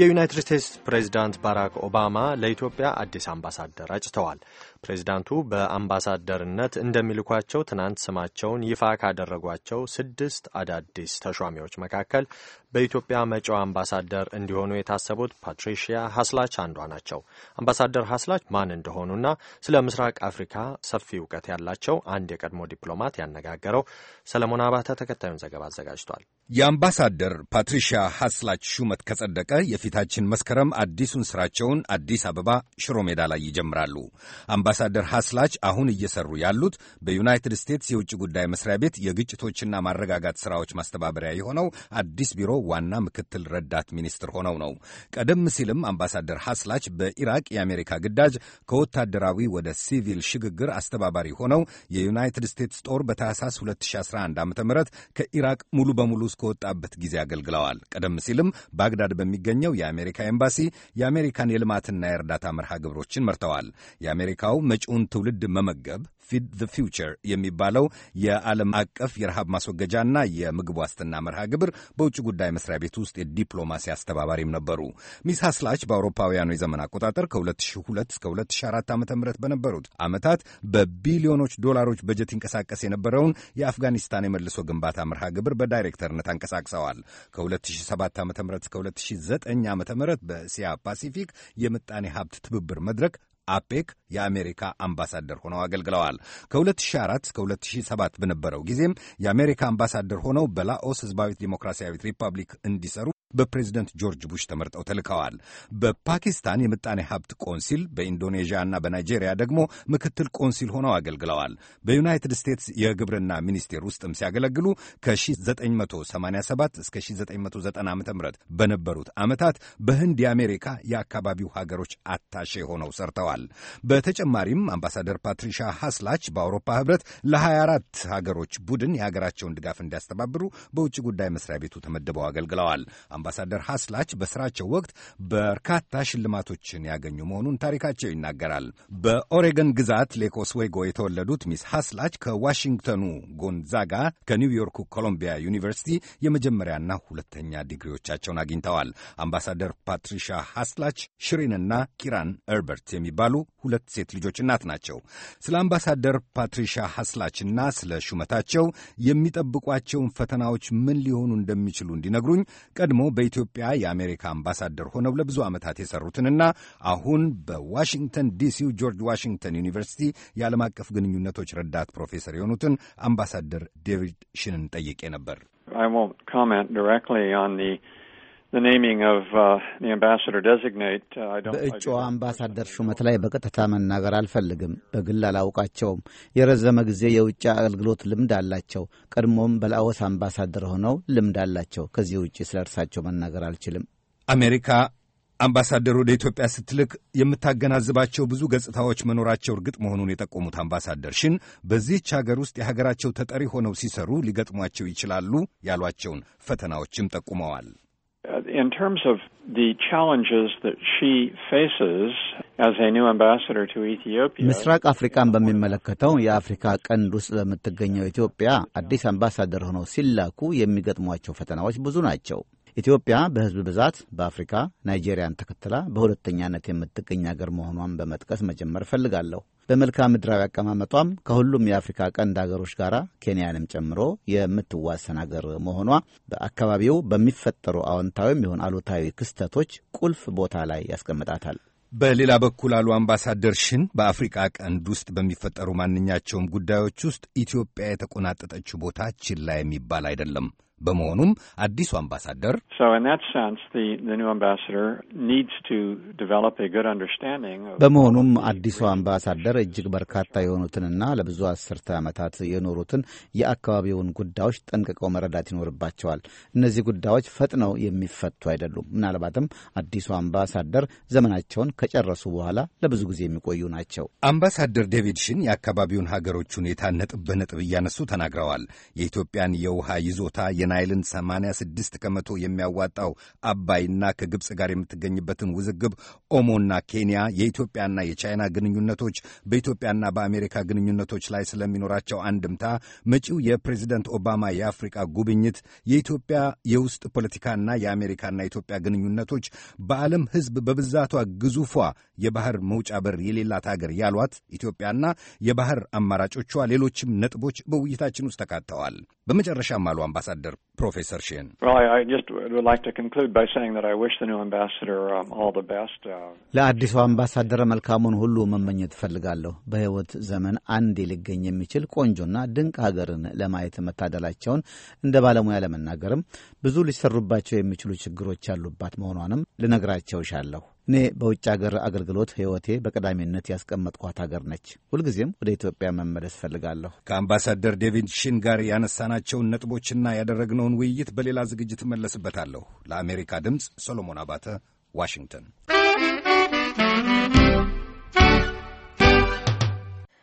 የዩናይትድ ስቴትስ ፕሬዚዳንት ባራክ ኦባማ ለኢትዮጵያ አዲስ አምባሳደር አጭተዋል። ፕሬዚዳንቱ በአምባሳደርነት እንደሚልኳቸው ትናንት ስማቸውን ይፋ ካደረጓቸው ስድስት አዳዲስ ተሿሚዎች መካከል በኢትዮጵያ መጪው አምባሳደር እንዲሆኑ የታሰቡት ፓትሪሺያ ሀስላች አንዷ ናቸው። አምባሳደር ሀስላች ማን እንደሆኑና ስለ ምስራቅ አፍሪካ ሰፊ እውቀት ያላቸው አንድ የቀድሞ ዲፕሎማት ያነጋገረው ሰለሞን አባተ ተከታዩን ዘገባ አዘጋጅቷል። የአምባሳደር ፓትሪሺያ ሀስላች ሹመት ከጸደቀ የፊ የፊታችን መስከረም አዲሱን ስራቸውን አዲስ አበባ ሽሮ ሜዳ ላይ ይጀምራሉ። አምባሳደር ሐስላች አሁን እየሰሩ ያሉት በዩናይትድ ስቴትስ የውጭ ጉዳይ መስሪያ ቤት የግጭቶችና ማረጋጋት ስራዎች ማስተባበሪያ የሆነው አዲስ ቢሮ ዋና ምክትል ረዳት ሚኒስትር ሆነው ነው። ቀደም ሲልም አምባሳደር ሐስላች በኢራቅ የአሜሪካ ግዳጅ ከወታደራዊ ወደ ሲቪል ሽግግር አስተባባሪ ሆነው የዩናይትድ ስቴትስ ጦር በታህሳስ 2011 ዓ ም ከኢራቅ ሙሉ በሙሉ እስከወጣበት ጊዜ አገልግለዋል። ቀደም ሲልም ባግዳድ በሚገኘው የአሜሪካ ኤምባሲ የአሜሪካን የልማትና የእርዳታ መርሃ ግብሮችን መርተዋል። የአሜሪካው መጪውን ትውልድ መመገብ ፊድ ዘ ፊውቸር የሚባለው የዓለም አቀፍ የረሃብ ማስወገጃና የምግብ ዋስትና መርሃ ግብር በውጭ ጉዳይ መስሪያ ቤት ውስጥ የዲፕሎማሲ አስተባባሪም ነበሩ። ሚስ ሀስላች በአውሮፓውያኑ የዘመን አቆጣጠር ከ2002 እስከ 2004 ዓ ም በነበሩት ዓመታት በቢሊዮኖች ዶላሮች በጀት ይንቀሳቀስ የነበረውን የአፍጋኒስታን የመልሶ ግንባታ መርሃ ግብር በዳይሬክተርነት አንቀሳቅሰዋል። ከ2007 ዓ ም እስከ 2009 ዓ ም በእስያ ፓሲፊክ የምጣኔ ሀብት ትብብር መድረክ አፔክ የአሜሪካ አምባሳደር ሆነው አገልግለዋል። ከ2004 እስከ 2007 በነበረው ጊዜም የአሜሪካ አምባሳደር ሆነው በላኦስ ሕዝባዊት ዲሞክራሲያዊት ሪፐብሊክ እንዲሰሩ በፕሬዚደንት ጆርጅ ቡሽ ተመርጠው ተልከዋል። በፓኪስታን የምጣኔ ሀብት ቆንሲል፣ በኢንዶኔዥያ እና በናይጄሪያ ደግሞ ምክትል ቆንሲል ሆነው አገልግለዋል። በዩናይትድ ስቴትስ የግብርና ሚኒስቴር ውስጥም ሲያገለግሉ ከ1987 እስከ 1990 ዓ ም በነበሩት ዓመታት በህንድ የአሜሪካ የአካባቢው ሀገሮች አታሼ ሆነው ሰርተዋል። በተጨማሪም አምባሳደር ፓትሪሻ ሀስላች በአውሮፓ ህብረት ለ24 ሀገሮች ቡድን የሀገራቸውን ድጋፍ እንዲያስተባብሩ በውጭ ጉዳይ መስሪያ ቤቱ ተመድበው አገልግለዋል። አምባሳደር ሐስላች በስራቸው ወቅት በርካታ ሽልማቶችን ያገኙ መሆኑን ታሪካቸው ይናገራል። በኦሬገን ግዛት ሌኮስዌጎ የተወለዱት ሚስ ሐስላች ከዋሽንግተኑ ጎንዛጋ፣ ከኒውዮርኩ ኮሎምቢያ ዩኒቨርሲቲ የመጀመሪያና ሁለተኛ ዲግሪዎቻቸውን አግኝተዋል። አምባሳደር ፓትሪሻ ሐስላች ሽሪንና ኪራን እርበርት የሚባሉ ሁለት ሴት ልጆች እናት ናቸው። ስለ አምባሳደር ፓትሪሻ ሐስላችና ስለ ሹመታቸው የሚጠብቋቸውን ፈተናዎች ምን ሊሆኑ እንደሚችሉ እንዲነግሩኝ ቀድሞ በኢትዮጵያ የአሜሪካ አምባሳደር ሆነው ለብዙ ዓመታት የሰሩትንና አሁን በዋሽንግተን ዲሲው ጆርጅ ዋሽንግተን ዩኒቨርሲቲ የዓለም አቀፍ ግንኙነቶች ረዳት ፕሮፌሰር የሆኑትን አምባሳደር ዴቪድ ሽንን ጠይቄ ነበር። I won't comment directly on the Uh, uh, በእጩዋ አምባሳደር ሹመት ላይ በቀጥታ መናገር አልፈልግም። በግል አላውቃቸውም። የረዘመ ጊዜ የውጭ አገልግሎት ልምድ አላቸው። ቀድሞም በላኦስ አምባሳደር ሆነው ልምድ አላቸው። ከዚህ ውጭ ስለ እርሳቸው መናገር አልችልም። አሜሪካ አምባሳደር ወደ ኢትዮጵያ ስትልክ የምታገናዝባቸው ብዙ ገጽታዎች መኖራቸው እርግጥ መሆኑን የጠቆሙት አምባሳደር ሽን በዚህች ሀገር ውስጥ የሀገራቸው ተጠሪ ሆነው ሲሰሩ ሊገጥሟቸው ይችላሉ ያሏቸውን ፈተናዎችም ጠቁመዋል። Uh, in terms of the challenges that she faces as a new ambassador to Ethiopia ምስራቅ አፍሪካን በሚመለከተው የአፍሪካ ቀንድ ውስጥ በምትገኘው ኢትዮጵያ አዲስ አምባሳደር ሆነው ሲላኩ የሚገጥሟቸው ፈተናዎች ብዙ ናቸው። ኢትዮጵያ በህዝብ ብዛት በአፍሪካ ናይጄሪያን ተከትላ በሁለተኛነት የምትገኝ አገር መሆኗን በመጥቀስ መጀመር እፈልጋለሁ። በመልክዓ ምድራዊ አቀማመጧም ከሁሉም የአፍሪካ ቀንድ አገሮች ጋር ኬንያንም ጨምሮ የምትዋሰን አገር መሆኗ በአካባቢው በሚፈጠሩ አዎንታዊም ይሁን አሉታዊ ክስተቶች ቁልፍ ቦታ ላይ ያስቀምጣታል። በሌላ በኩል አሉ አምባሳደር ሽን በአፍሪቃ ቀንድ ውስጥ በሚፈጠሩ ማንኛቸውም ጉዳዮች ውስጥ ኢትዮጵያ የተቆናጠጠችው ቦታ ችላ የሚባል አይደለም። በመሆኑም አዲሱ አምባሳደር በመሆኑም አዲሱ አምባሳደር እጅግ በርካታ የሆኑትንና ለብዙ አስርተ ዓመታት የኖሩትን የአካባቢውን ጉዳዮች ጠንቅቀው መረዳት ይኖርባቸዋል። እነዚህ ጉዳዮች ፈጥነው የሚፈቱ አይደሉም። ምናልባትም አዲሱ አምባሳደር ዘመናቸውን ከጨረሱ በኋላ ለብዙ ጊዜ የሚቆዩ ናቸው። አምባሳደር ዴቪድ ሽን የአካባቢውን ሀገሮች ሁኔታ ነጥብ በነጥብ እያነሱ ተናግረዋል። የኢትዮጵያን የውሃ ይዞታ የናይልን 86 ከመቶ የሚያዋጣው አባይና ከግብፅ ጋር የምትገኝበትን ውዝግብ፣ ኦሞና ኬንያ፣ የኢትዮጵያና የቻይና ግንኙነቶች፣ በኢትዮጵያና በአሜሪካ ግንኙነቶች ላይ ስለሚኖራቸው አንድምታ፣ መጪው የፕሬዚደንት ኦባማ የአፍሪቃ ጉብኝት፣ የኢትዮጵያ የውስጥ ፖለቲካና የአሜሪካና ኢትዮጵያ ግንኙነቶች፣ በዓለም ሕዝብ በብዛቷ ግዙፏ የባህር መውጫ በር የሌላት አገር ያሏት ኢትዮጵያና የባህር አማራጮቿ ሌሎችም ነጥቦች በውይይታችን ውስጥ ተካተዋል። በመጨረሻም አሉ አምባሳደር ፕሮፌሰር ሼን um, uh, ለአዲሱ አምባሳደር መልካሙን ሁሉ መመኘት እፈልጋለሁ። በሕይወት ዘመን አንድ ሊገኝ የሚችል ቆንጆና ድንቅ ሀገርን ለማየት መታደላቸውን እንደ ባለሙያ ለመናገርም ብዙ ሊሰሩባቸው የሚችሉ ችግሮች ያሉባት መሆኗንም ልነግራቸው እሻለሁ። እኔ በውጭ አገር አገልግሎት ሕይወቴ በቀዳሚነት ያስቀመጥኳት አገር ነች። ሁልጊዜም ወደ ኢትዮጵያ መመለስ ፈልጋለሁ። ከአምባሳደር ዴቪድ ሽን ጋር ያነሳናቸውን ነጥቦችና ያደረግነውን ውይይት በሌላ ዝግጅት እመለስበታለሁ። ለአሜሪካ ድምፅ ሰሎሞን አባተ ዋሽንግተን